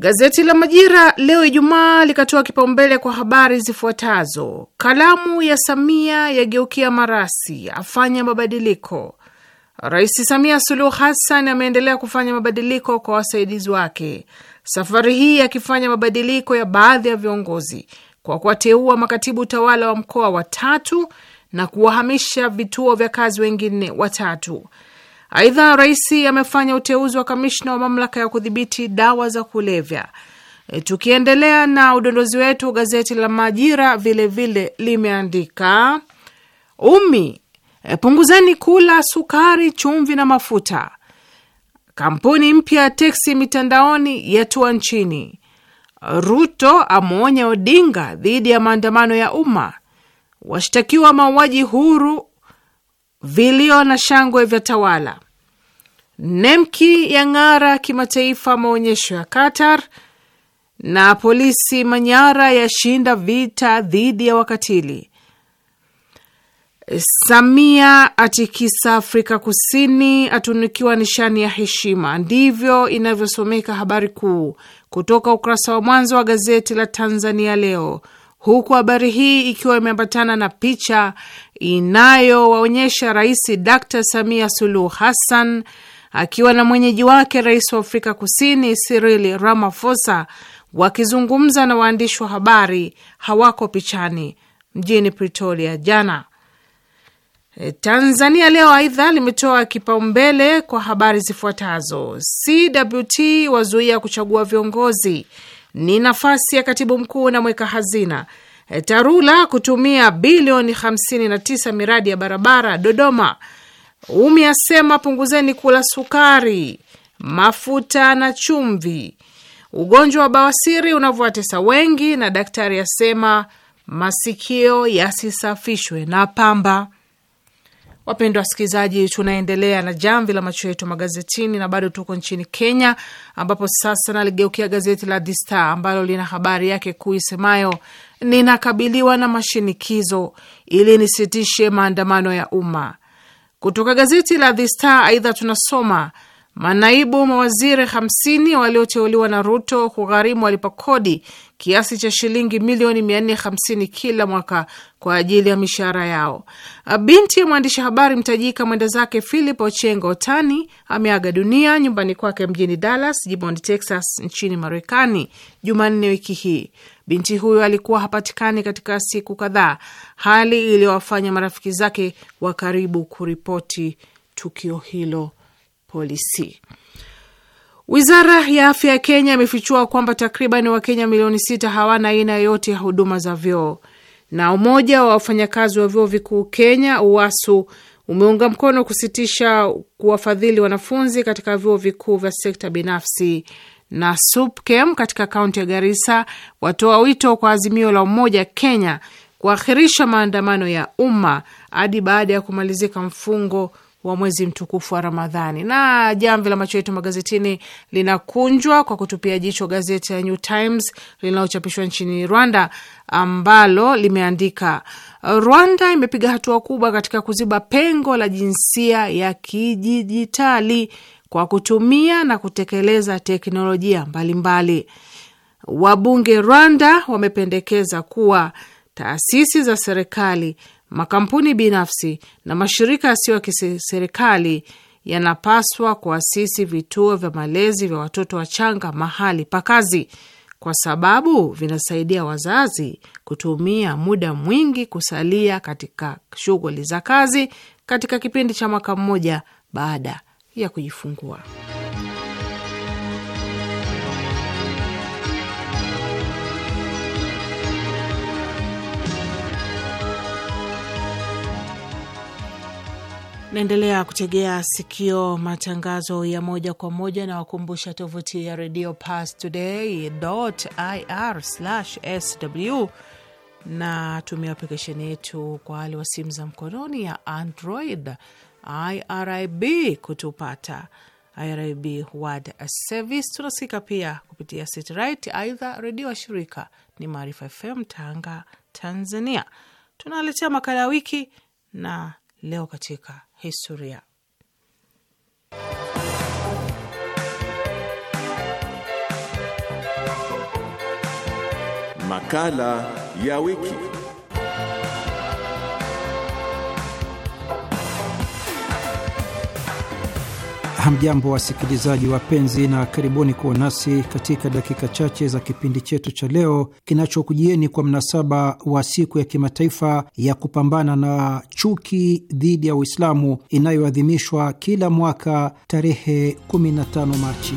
[SPEAKER 2] Gazeti la Majira leo Ijumaa likatoa kipaumbele kwa habari zifuatazo: kalamu ya Samia yageukia marasi, afanya mabadiliko. Rais Samia Suluhu Hassan ameendelea kufanya mabadiliko kwa wasaidizi wake, safari hii akifanya mabadiliko ya baadhi ya viongozi kwa kuwateua makatibu utawala wa mkoa watatu na kuwahamisha vituo vya kazi wengine watatu. Aidha, rais amefanya uteuzi wa kamishna wa mamlaka ya kudhibiti dawa za kulevya. E, tukiendelea na udondozi wetu, gazeti la Majira vilevile limeandika umi, e, punguzeni kula sukari, chumvi na mafuta. Kampuni mpya ya teksi mitandaoni yatua nchini. Ruto amwonya Odinga dhidi ya maandamano ya umma. Washtakiwa mauaji huru vilio na shangwe vya tawala. Nemki ya ng'ara kimataifa maonyesho ya Qatar, na polisi Manyara yashinda vita dhidi ya wakatili. Samia atikisa Afrika Kusini, atunikiwa nishani ya heshima. Ndivyo inavyosomeka habari kuu kutoka ukurasa wa mwanzo wa gazeti la Tanzania Leo, huku habari hii ikiwa imeambatana na picha inayowaonyesha Rais Dr Samia Suluhu Hassan akiwa na mwenyeji wake rais wa Afrika Kusini Cyril Ramaphosa wakizungumza na waandishi wa habari hawako pichani mjini Pretoria jana. E, Tanzania Leo aidha limetoa kipaumbele kwa habari zifuatazo: CWT wazuia kuchagua viongozi, ni nafasi ya katibu mkuu na mweka hazina E, tarula kutumia bilioni 59 miradi ya barabara Dodoma. Umi asema punguzeni kula sukari, mafuta na chumvi. Ugonjwa wa bawasiri unavyowatesa wengi, na daktari asema masikio yasisafishwe na pamba. Wapendwa wasikilizaji, tunaendelea na jamvi la macho yetu magazetini na bado tuko nchini Kenya, ambapo sasa naligeukia gazeti la The Star ambalo lina habari yake kuu isemayo, ninakabiliwa na mashinikizo ili nisitishe maandamano ya umma. Kutoka gazeti la The Star aidha tunasoma manaibu mawaziri 50 walioteuliwa na Ruto kugharimu kodi kiasi cha shilingi milioni 450 kila mwaka kwa ajili ya mishahara yao. Binti ya mwandishi habari mtajika mwenda zake Philip Ochengo Otani ameaga dunia nyumbani kwake mjini Dallas, jimboni Texas, nchini Marekani Jumanne wiki hii. Binti huyo alikuwa hapatikani katika siku kadhaa, hali iliyowafanya marafiki zake wa karibu kuripoti tukio hilo polisi. Wizara ya afya ya Kenya imefichua kwamba takriban Wakenya milioni sita hawana aina yoyote ya huduma za vyoo, na umoja wa wafanyakazi wa vyuo vikuu Kenya UWASU umeunga mkono kusitisha kuwafadhili wanafunzi katika vyuo vikuu vya sekta binafsi. Na SUPKEM katika kaunti ya Garissa watoa wito kwa azimio la umoja Kenya kuakhirisha maandamano ya umma hadi baada ya kumalizika mfungo wa mwezi mtukufu wa Ramadhani. Na jamvi la macho yetu magazetini linakunjwa kwa kutupia jicho gazeti ya New Times linalochapishwa nchini Rwanda, ambalo limeandika Rwanda imepiga hatua kubwa katika kuziba pengo la jinsia ya kidijitali kwa kutumia na kutekeleza teknolojia mbalimbali mbali. Wabunge Rwanda wamependekeza kuwa taasisi za serikali makampuni binafsi na mashirika yasiyo ya kiserikali yanapaswa kuasisi vituo vya malezi vya watoto wachanga mahali pa kazi, kwa sababu vinasaidia wazazi kutumia muda mwingi kusalia katika shughuli za kazi katika kipindi cha mwaka mmoja baada ya kujifungua. Naendelea kutegea sikio matangazo ya moja kwa moja, na wakumbusha tovuti ya redio pastoday.ir/sw na tumia aplikesheni yetu kwa wale wa simu za mkononi ya Android IRIB kutupata IRIB World Service. Tunasikika pia kupitia satellite. Aidha, redio wa shirika ni Maarifa FM Tanga, Tanzania. Tunaletea makala ya wiki na leo katika historia.
[SPEAKER 1] Makala ya wiki.
[SPEAKER 6] Hamjambo wasikilizaji wapenzi, na karibuni kuwa nasi katika dakika chache za kipindi chetu cha leo kinachokujieni kwa mnasaba wa siku ya kimataifa ya kupambana na chuki dhidi ya Uislamu inayoadhimishwa kila mwaka tarehe 15 Machi.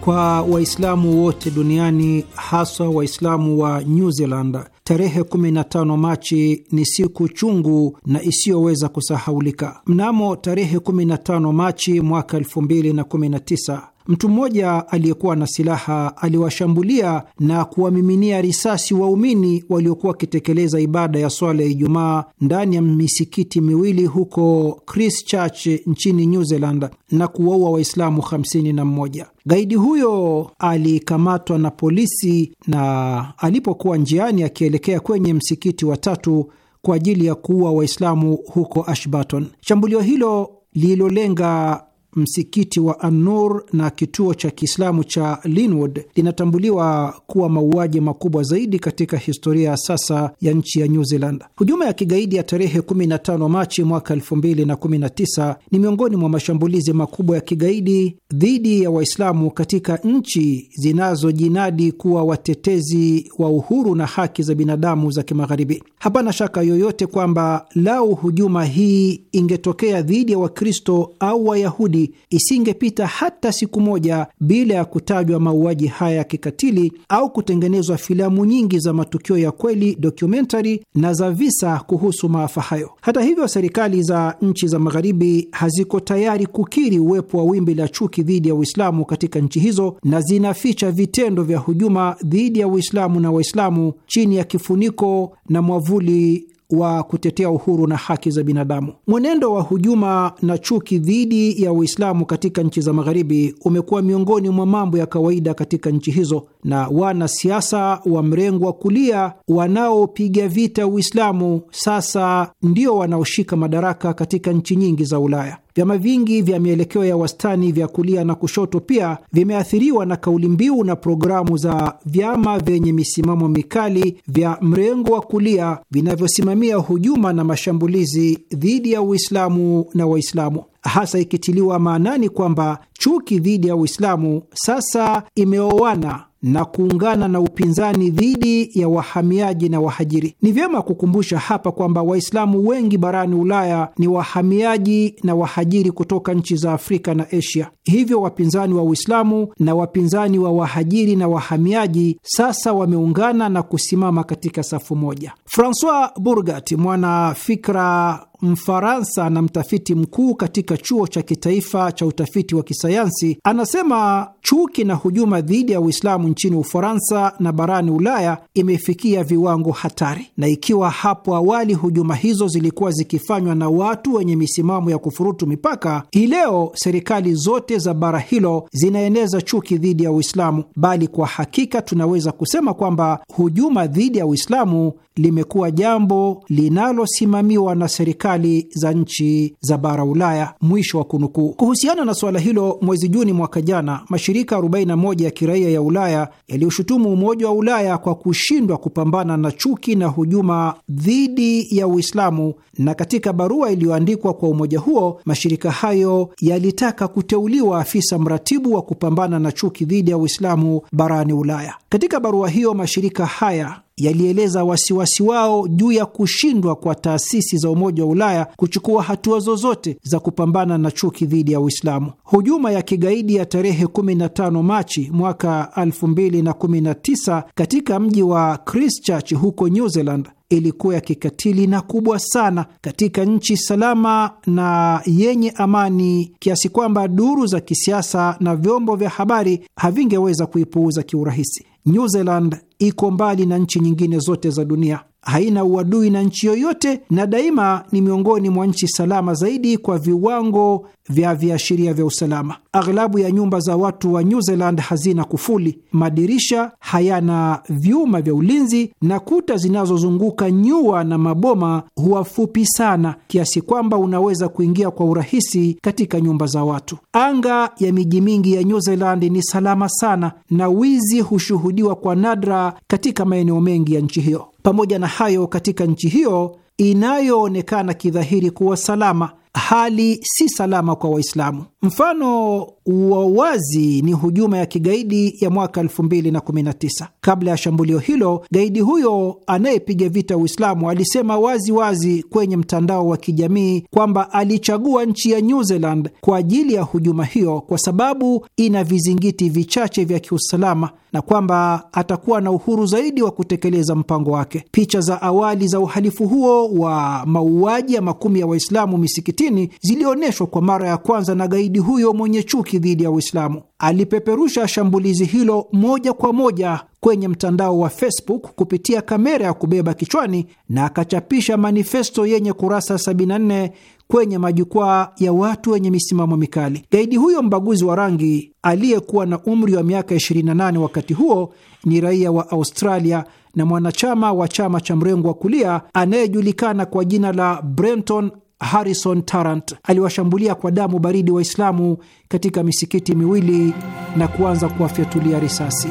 [SPEAKER 6] Kwa Waislamu wote duniani, haswa Waislamu wa New Zealand Tarehe 15 Machi ni siku chungu na isiyoweza kusahaulika. Mnamo tarehe 15 Machi mwaka 2019 Mtu mmoja aliyekuwa na silaha aliwashambulia na kuwamiminia risasi waumini waliokuwa wakitekeleza ibada ya swala ya Ijumaa ndani ya misikiti miwili huko Christchurch nchini New Zealand na kuwaua Waislamu 51. Gaidi huyo alikamatwa na polisi na alipokuwa njiani akielekea kwenye msikiti wa tatu kwa ajili ya kuua Waislamu huko Ashburton. Shambulio hilo lililolenga msikiti wa anur na kituo cha Kiislamu cha Linwood linatambuliwa kuwa mauaji makubwa zaidi katika historia ya sasa ya nchi ya New Zealand. Hujuma ya kigaidi ya tarehe 15 Machi mwaka 2019 ni miongoni mwa mashambulizi makubwa ya kigaidi dhidi ya Waislamu katika nchi zinazojinadi kuwa watetezi wa uhuru na haki za binadamu za Kimagharibi. Hapana shaka yoyote kwamba lau hujuma hii ingetokea dhidi ya Wakristo au Wayahudi isingepita hata siku moja bila ya kutajwa mauaji haya ya kikatili au kutengenezwa filamu nyingi za matukio ya kweli dokumentari na za visa kuhusu maafa hayo. Hata hivyo, serikali za nchi za Magharibi haziko tayari kukiri uwepo wa wimbi la chuki dhidi ya Uislamu katika nchi hizo na zinaficha vitendo vya hujuma dhidi ya Uislamu na Waislamu chini ya kifuniko na mwavuli wa kutetea uhuru na haki za binadamu. Mwenendo wa hujuma na chuki dhidi ya Uislamu katika nchi za Magharibi umekuwa miongoni mwa mambo ya kawaida katika nchi hizo, na wanasiasa wa mrengo wa kulia wanaopiga vita Uislamu sasa ndio wanaoshika madaraka katika nchi nyingi za Ulaya. Vyama vingi vya mielekeo ya wastani vya kulia na kushoto pia vimeathiriwa na kauli mbiu na programu za vyama vyenye misimamo mikali vya mrengo wa kulia vinavyosimamia hujuma na mashambulizi dhidi ya Uislamu na Waislamu, hasa ikitiliwa maanani kwamba chuki dhidi ya Uislamu sasa imeoana na kuungana na upinzani dhidi ya wahamiaji na wahajiri. Ni vyema kukumbusha hapa kwamba Waislamu wengi barani Ulaya ni wahamiaji na wahajiri kutoka nchi za Afrika na Asia. Hivyo wapinzani wa Uislamu na wapinzani wa wahajiri na wahamiaji sasa wameungana na kusimama katika safu moja. Francois Burgat, mwanafikra Mfaransa na mtafiti mkuu katika chuo cha kitaifa cha utafiti wa kisayansi, anasema chuki na hujuma dhidi ya Uislamu nchini Ufaransa na barani Ulaya imefikia viwango hatari, na ikiwa hapo awali hujuma hizo zilikuwa zikifanywa na watu wenye misimamo ya kufurutu mipaka, hii leo serikali zote za bara hilo zinaeneza chuki dhidi ya Uislamu, bali kwa hakika tunaweza kusema kwamba hujuma dhidi ya Uislamu limekuwa jambo linalosimamiwa na serikali serikali za nchi za bara Ulaya, mwisho wa kunukuu. Kuhusiana na suala hilo, mwezi Juni mwaka jana, mashirika 41 ya kiraia ya Ulaya yaliyoshutumu Umoja wa Ulaya kwa kushindwa kupambana na chuki na hujuma dhidi ya Uislamu, na katika barua iliyoandikwa kwa umoja huo, mashirika hayo yalitaka kuteuliwa afisa mratibu wa kupambana na chuki dhidi ya Uislamu barani Ulaya. Katika barua hiyo, mashirika haya yalieleza wasiwasi wao juu ya kushindwa kwa taasisi za Umoja wa Ulaya kuchukua hatua zozote za kupambana na chuki dhidi ya Uislamu. Hujuma ya kigaidi ya tarehe 15 Machi mwaka 2019 katika mji wa Christchurch huko New Zealand ilikuwa ya kikatili na kubwa sana katika nchi salama na yenye amani kiasi kwamba duru za kisiasa na vyombo vya habari havingeweza kuipuuza kiurahisi. New Zealand iko mbali na nchi nyingine zote za dunia haina uadui na nchi yoyote na daima ni miongoni mwa nchi salama zaidi kwa viwango vya viashiria vya usalama. Aghlabu ya nyumba za watu wa New Zealand hazina kufuli, madirisha hayana vyuma vya ulinzi, na kuta zinazozunguka nyua na maboma huwa fupi sana kiasi kwamba unaweza kuingia kwa urahisi katika nyumba za watu. Anga ya miji mingi ya New Zealand ni salama sana na wizi hushuhudiwa kwa nadra katika maeneo mengi ya nchi hiyo. Pamoja na hayo, katika nchi hiyo inayoonekana kidhahiri kuwa salama, hali si salama kwa Waislamu. Mfano uwawazi ni hujuma ya kigaidi ya mwaka 2019. Kabla ya shambulio hilo, gaidi huyo anayepiga vita Uislamu alisema wazi wazi kwenye mtandao wa kijamii kwamba alichagua nchi ya New Zealand kwa ajili ya hujuma hiyo kwa sababu ina vizingiti vichache vya kiusalama na kwamba atakuwa na uhuru zaidi wa kutekeleza mpango wake. Picha za awali za uhalifu huo wa mauaji ya makumi ya Waislamu misikitini zilionyeshwa kwa mara ya kwanza na gaidi huyo mwenye chuki chuki dhidi ya Uislamu. Alipeperusha shambulizi hilo moja kwa moja kwenye mtandao wa Facebook kupitia kamera ya kubeba kichwani na akachapisha manifesto yenye kurasa 74 kwenye majukwaa ya watu wenye misimamo mikali. Gaidi huyo mbaguzi wa rangi aliyekuwa na umri wa miaka 28 wakati huo ni raia wa Australia na mwanachama wa chama cha mrengo wa kulia anayejulikana kwa jina la Brenton Harrison Tarant aliwashambulia kwa damu baridi Waislamu katika misikiti miwili na kuanza kuwafyatulia risasi.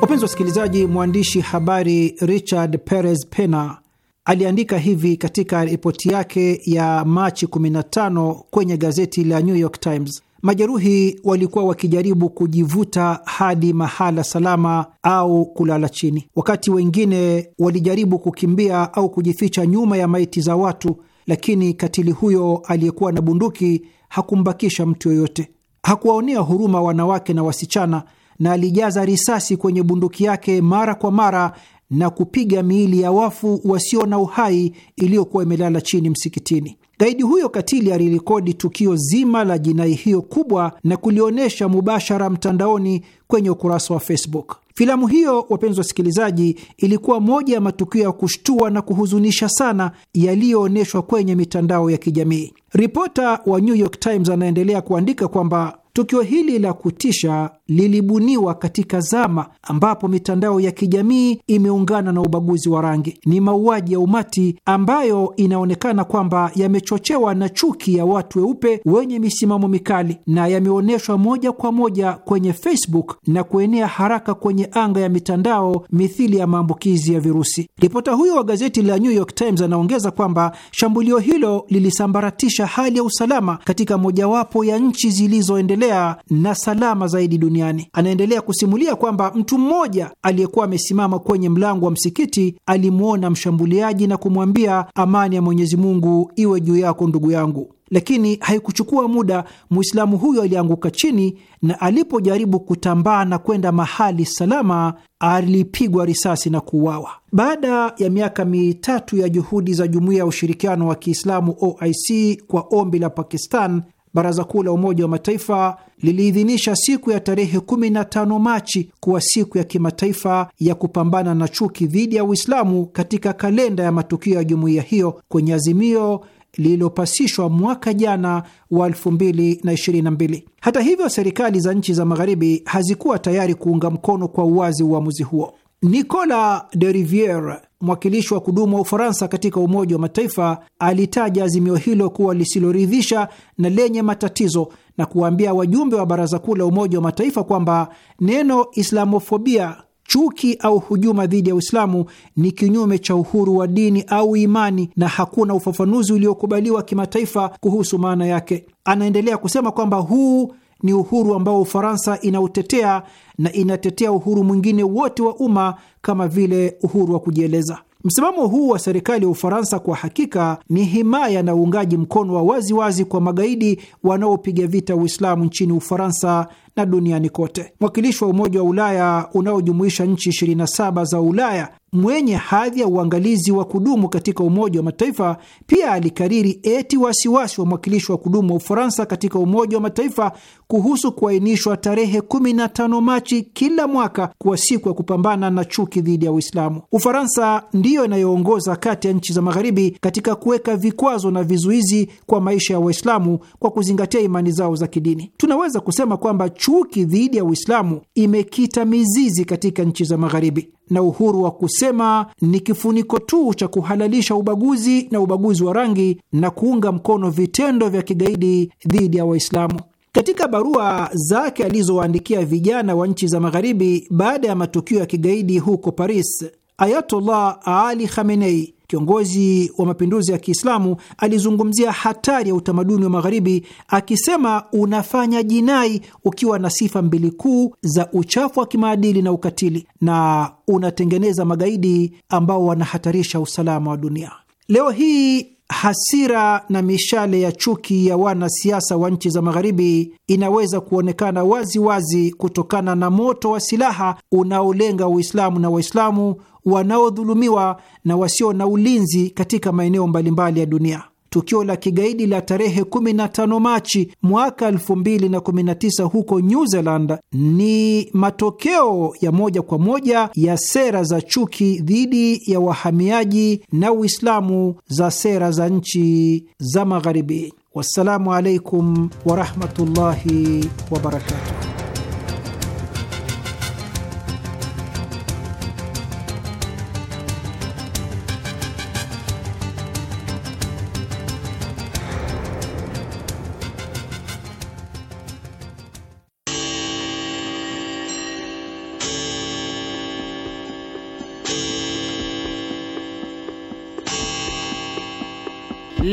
[SPEAKER 6] Wapenzi wasikilizaji, mwandishi habari Richard Perez Pena aliandika hivi katika ripoti yake ya Machi 15 kwenye gazeti la New York Times: Majeruhi walikuwa wakijaribu kujivuta hadi mahala salama au kulala chini, wakati wengine walijaribu kukimbia au kujificha nyuma ya maiti za watu, lakini katili huyo aliyekuwa na bunduki hakumbakisha mtu yoyote. Hakuwaonea huruma wanawake na wasichana, na alijaza risasi kwenye bunduki yake mara kwa mara na kupiga miili ya wafu wasio na uhai iliyokuwa imelala chini msikitini. Gaidi huyo katili alirekodi tukio zima la jinai hiyo kubwa na kulionyesha mubashara mtandaoni kwenye ukurasa wa Facebook. Filamu hiyo, wapenzi wasikilizaji, ilikuwa moja ya matukio ya kushtua na kuhuzunisha sana yaliyoonyeshwa kwenye mitandao ya kijamii. Ripota wa New York Times anaendelea kuandika kwamba Tukio hili la kutisha lilibuniwa katika zama ambapo mitandao ya kijamii imeungana na ubaguzi wa rangi. Ni mauaji ya umati ambayo inaonekana kwamba yamechochewa na chuki ya watu weupe wenye misimamo mikali na yameonyeshwa moja kwa moja kwenye Facebook na kuenea haraka kwenye anga ya mitandao mithili ya maambukizi ya virusi. Ripota huyo wa gazeti la New York Times anaongeza kwamba shambulio hilo lilisambaratisha hali ya usalama katika mojawapo ya nchi zilizoendelea kuendelea na salama zaidi duniani. Anaendelea kusimulia kwamba mtu mmoja aliyekuwa amesimama kwenye mlango wa msikiti alimwona mshambuliaji na kumwambia, amani ya Mwenyezi Mungu iwe juu yako ndugu yangu. Lakini haikuchukua muda, Mwislamu huyo alianguka chini, na alipojaribu kutambaa na kwenda mahali salama, alipigwa risasi na kuuawa. Baada ya miaka mitatu ya juhudi za Jumuiya ya Ushirikiano wa Kiislamu OIC kwa ombi la Pakistan Baraza Kuu la Umoja wa Mataifa liliidhinisha siku ya tarehe 15 Machi kuwa siku ya kimataifa ya kupambana na chuki dhidi ya Uislamu katika kalenda ya matukio ya jumuiya hiyo kwenye azimio lililopasishwa mwaka jana wa 2022. Hata hivyo, serikali za nchi za magharibi hazikuwa tayari kuunga mkono kwa uwazi uamuzi huo. Nicola de Riviere, mwakilishi wa kudumu wa Ufaransa katika Umoja wa Mataifa alitaja azimio hilo kuwa lisiloridhisha na lenye matatizo na kuwaambia wajumbe wa Baraza Kuu la Umoja wa Mataifa kwamba neno Islamofobia, chuki au hujuma dhidi ya Uislamu ni kinyume cha uhuru wa dini au imani na hakuna ufafanuzi uliokubaliwa kimataifa kuhusu maana yake. Anaendelea kusema kwamba huu ni uhuru ambao Ufaransa inautetea na inatetea uhuru mwingine wote wa umma kama vile uhuru wa kujieleza. Msimamo huu wa serikali ya Ufaransa kwa hakika ni himaya na uungaji mkono wa waziwazi wazi kwa magaidi wanaopiga vita Uislamu nchini Ufaransa na duniani kote. Mwakilishi wa Umoja wa Ulaya unaojumuisha nchi 27 za Ulaya mwenye hadhi ya uangalizi wa kudumu katika Umoja wa Mataifa pia alikariri eti wasiwasi wa mwakilishi wa kudumu wa Ufaransa katika Umoja wa Mataifa kuhusu kuainishwa tarehe 15 Machi kila mwaka kuwa siku ya kupambana na chuki dhidi ya Uislamu. Ufaransa ndiyo inayoongoza kati ya nchi za Magharibi katika kuweka vikwazo na vizuizi kwa maisha ya Waislamu kwa kuzingatia imani zao za kidini. Tunaweza kusema kwamba chuki dhidi ya Uislamu imekita mizizi katika nchi za Magharibi, na uhuru wa kusema ni kifuniko tu cha kuhalalisha ubaguzi na ubaguzi wa rangi na kuunga mkono vitendo vya kigaidi dhidi ya Waislamu. Katika barua zake alizowaandikia vijana wa nchi za Magharibi baada ya matukio ya kigaidi huko Paris, Ayatollah Ali Khamenei kiongozi wa mapinduzi ya Kiislamu alizungumzia hatari ya utamaduni wa Magharibi akisema, unafanya jinai ukiwa na sifa mbili kuu za uchafu wa kimaadili na ukatili, na unatengeneza magaidi ambao wanahatarisha usalama wa dunia. Leo hii hasira na mishale ya chuki ya wanasiasa wa nchi za Magharibi inaweza kuonekana waziwazi wazi kutokana na moto wa silaha unaolenga Uislamu na Waislamu wanaodhulumiwa na wasio na ulinzi katika maeneo mbalimbali ya dunia. Tukio la kigaidi la tarehe 15 Machi mwaka 2019 huko New Zealand ni matokeo ya moja kwa moja ya sera za chuki dhidi ya wahamiaji na Uislamu za sera za nchi za Magharibi. Wassalamu alaikum warahmatullahi wabarakatuh.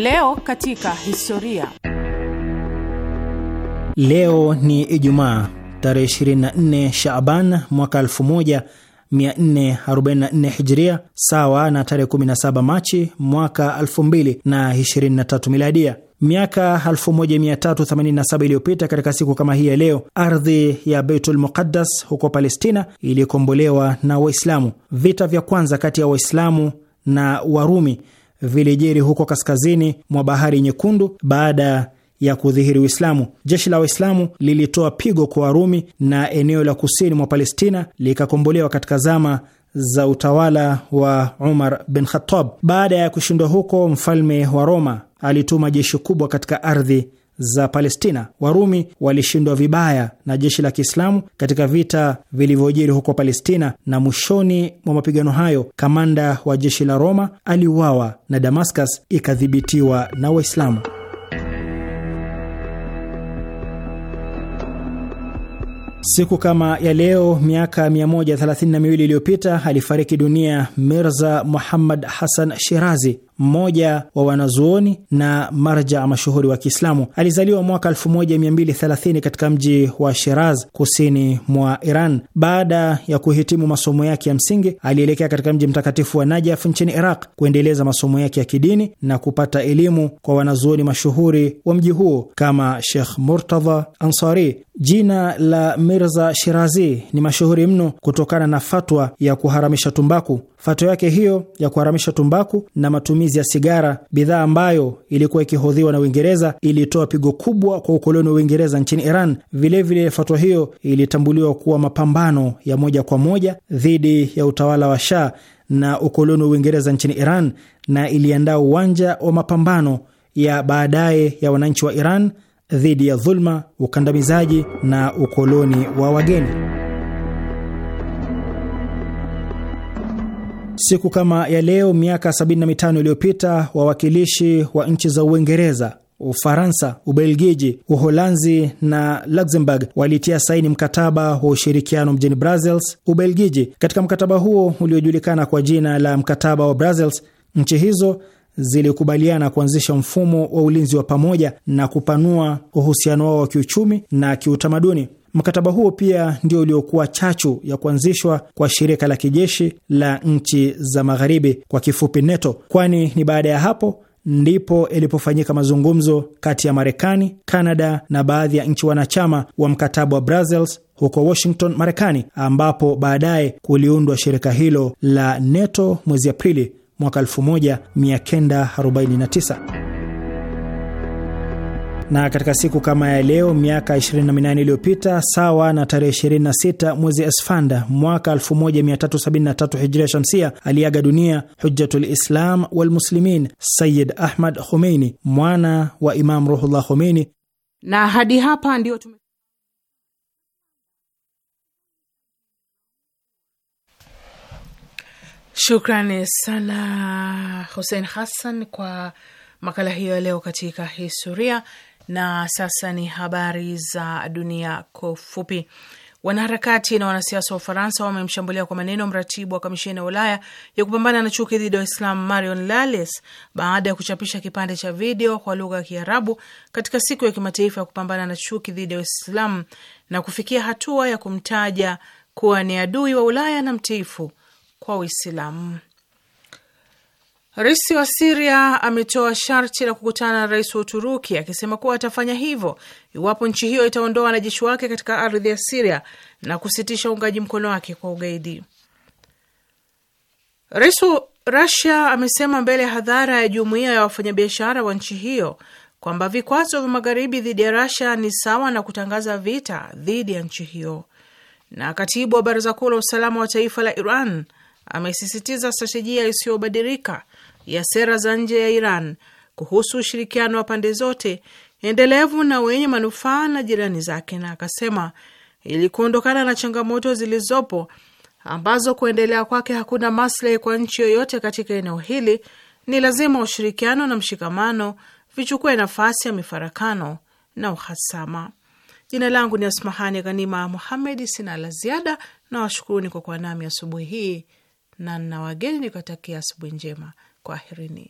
[SPEAKER 2] Leo katika historia.
[SPEAKER 7] Leo ni Ijumaa tarehe 24 Shaaban mwaka 1444 Hijria, sawa na tarehe 17 Machi mwaka 2023 Miladia. Miaka 1387 iliyopita katika siku kama hii ya leo, ardhi ya Beitul Muqaddas huko Palestina ilikombolewa na Waislamu. Vita vya kwanza kati ya Waislamu na Warumi vilijiri huko kaskazini mwa bahari Nyekundu baada ya kudhihiri Uislamu. Jeshi la Waislamu lilitoa pigo kwa Warumi na eneo la kusini mwa Palestina likakombolewa katika zama za utawala wa Umar bin Khattab. Baada ya kushindwa huko, mfalme wa Roma alituma jeshi kubwa katika ardhi za Palestina. Warumi walishindwa vibaya na jeshi la Kiislamu katika vita vilivyojiri huko Palestina, na mwishoni mwa mapigano hayo kamanda wa jeshi la Roma aliuawa na Damascus ikadhibitiwa na Waislamu. Siku kama ya leo miaka 132 iliyopita alifariki dunia Mirza Muhammad Hassan Shirazi, mmoja wa wanazuoni na marja mashuhuri wa Kiislamu. Alizaliwa mwaka 1230 katika mji wa Shiraz, kusini mwa Iran. Baada ya kuhitimu masomo yake ya msingi, alielekea katika mji mtakatifu wa Najaf nchini Iraq kuendeleza masomo yake ya kidini na kupata elimu kwa wanazuoni mashuhuri wa mji huo kama Sheikh Murtadha Ansari. Jina la Mirza Shirazi ni mashuhuri mno kutokana na fatwa ya kuharamisha tumbaku. Fato yake hiyo ya kuharamisha tumbaku na matumizi ya sigara, bidhaa ambayo ilikuwa ikihodhiwa na Uingereza, ilitoa pigo kubwa kwa ukoloni wa Uingereza nchini Iran. Vilevile, fatwa hiyo ilitambuliwa kuwa mapambano ya moja kwa moja dhidi ya utawala wa Shah na ukoloni wa Uingereza nchini Iran, na iliandaa uwanja wa mapambano ya baadaye ya wananchi wa Iran dhidi ya dhulma, ukandamizaji na ukoloni wa wageni. Siku kama ya leo miaka 75 iliyopita wawakilishi wa nchi za Uingereza, Ufaransa, Ubelgiji, Uholanzi na Luxembourg walitia saini mkataba wa ushirikiano mjini Brussels, Ubelgiji. Katika mkataba huo uliojulikana kwa jina la mkataba wa Brussels, nchi hizo zilikubaliana kuanzisha mfumo wa ulinzi wa pamoja na kupanua uhusiano wao wa kiuchumi na kiutamaduni. Mkataba huo pia ndio uliokuwa chachu ya kuanzishwa kwa shirika la kijeshi la nchi za magharibi kwa kifupi NATO, kwani ni baada ya hapo ndipo ilipofanyika mazungumzo kati ya Marekani, Kanada na baadhi ya nchi wanachama wa mkataba wa Brussels huko Washington, Marekani, ambapo baadaye kuliundwa shirika hilo la NATO mwezi Aprili mwaka 1949 na katika siku kama ya leo miaka 28 iliyopita sawa na tarehe 26 mwezi Esfanda mwaka 1373 Hijria Shamsia, aliaga dunia Hujjatul Islam wal Muslimin Sayyid Ahmad Khomeini, mwana wa Imam Ruhullah Khomeini.
[SPEAKER 2] Na hadi hapa ndio tume Shukrani sana Hussein Hassan kwa makala hiyo ya leo katika historia. Na sasa ni habari za dunia kwa ufupi. Wanaharakati na wanasiasa wa Ufaransa wamemshambulia kwa maneno mratibu wa kamisheni ya Ulaya ya kupambana na chuki dhidi ya Waislamu Marion Lales baada ya kuchapisha kipande cha video kwa lugha ya Kiarabu katika siku ya kimataifa ya kupambana na chuki dhidi ya Waislamu na kufikia hatua ya kumtaja kuwa ni adui wa Ulaya na mtiifu kwa Uislamu. Rais wa Siria ametoa sharti la kukutana na rais wa Uturuki akisema kuwa atafanya hivyo iwapo nchi hiyo itaondoa wanajeshi wake katika ardhi ya Siria na kusitisha uungaji mkono wake kwa ugaidi. Rais wa Rasia amesema mbele ya hadhara ya jumuiya ya wafanyabiashara wa nchi hiyo kwamba vikwazo vya magharibi dhidi ya Rasia ni sawa na kutangaza vita dhidi ya nchi hiyo. Na katibu wa baraza kuu la usalama wa taifa la Iran amesisitiza stratejia isiyobadilika ya sera za nje ya Iran kuhusu ushirikiano wa pande zote endelevu na wenye manufaa na jirani zake, na akasema ili kuondokana na changamoto zilizopo ambazo kuendelea kwake hakuna maslahi kwa nchi yoyote katika eneo hili, ni lazima ushirikiano na mshikamano vichukue nafasi ya mifarakano na uhasama. Jina langu ni Asmahani Ghanima Muhamedi. Sina la ziada na washukuruni kwa kuwa nami asubuhi hii, na nna wageni nikiwatakia asubuhi njema. Kwaherini.